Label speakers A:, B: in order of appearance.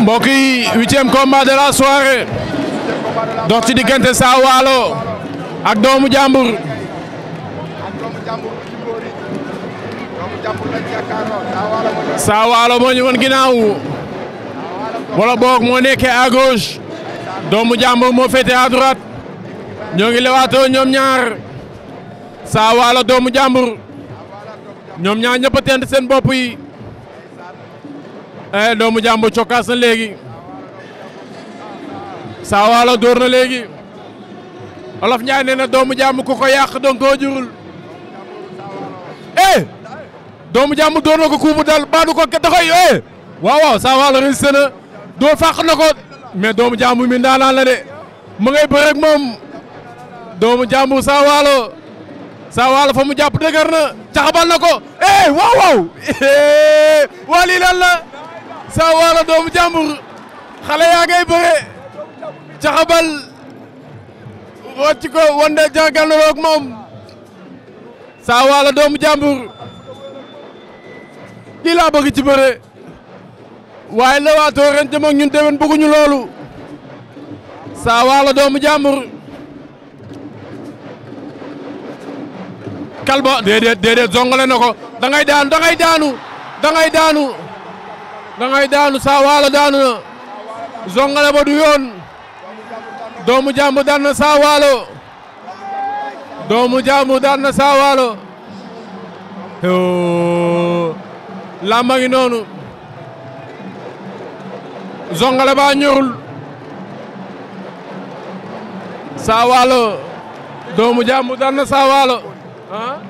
A: mbokk yi huitième combat de la soirée ci diggante Saa ak doomu jàmbur saawalo Waalo moo ñu woon ginnaaw wala boog moo nekkee à doomu jàmbur moo féete à ñoo ngi lewaatoo ñoom ñaar saawalo doomu jàmbur ñoom ñaar ñëpp seen bopp yi. eh doomu jàmbur cokkaas na léegi saawaalo dóor na léegi olof Ndiaye nee na doomu jàmbur ku ko yàq donc koo jurul eh, doomu jàmbur dóor na ko kuubu dal baadu ko da koy eh waaw waaw saawaalo réussite na doo na ko mais doomu jàmbur mi ndaanaan la de mu ngay bëreeg moom doomu jàmbur saawaalo saawaalo fa mu jàpp dëgër na caxabal na ko eh waaw waaw eh, waa saa waala doomu jàmbur xale yaa ngay bëre caxabal wàcc ko wande jàkkaarloo moom saa doomu jàmbur kii laa bëgg ci waaye la waatoo ren ñun déwén bëgguñu loolu saa doomu jàmbur kalba déedéet déedéet zongale na ko da daanu da daanu da ngay daanu saa waalo daanu na zongale ba du doomu jàmbur daan na doomu jàmbur daan na saa waalo làmba ngi noonu zongale ba ñorul saa doomu jàmbur daan na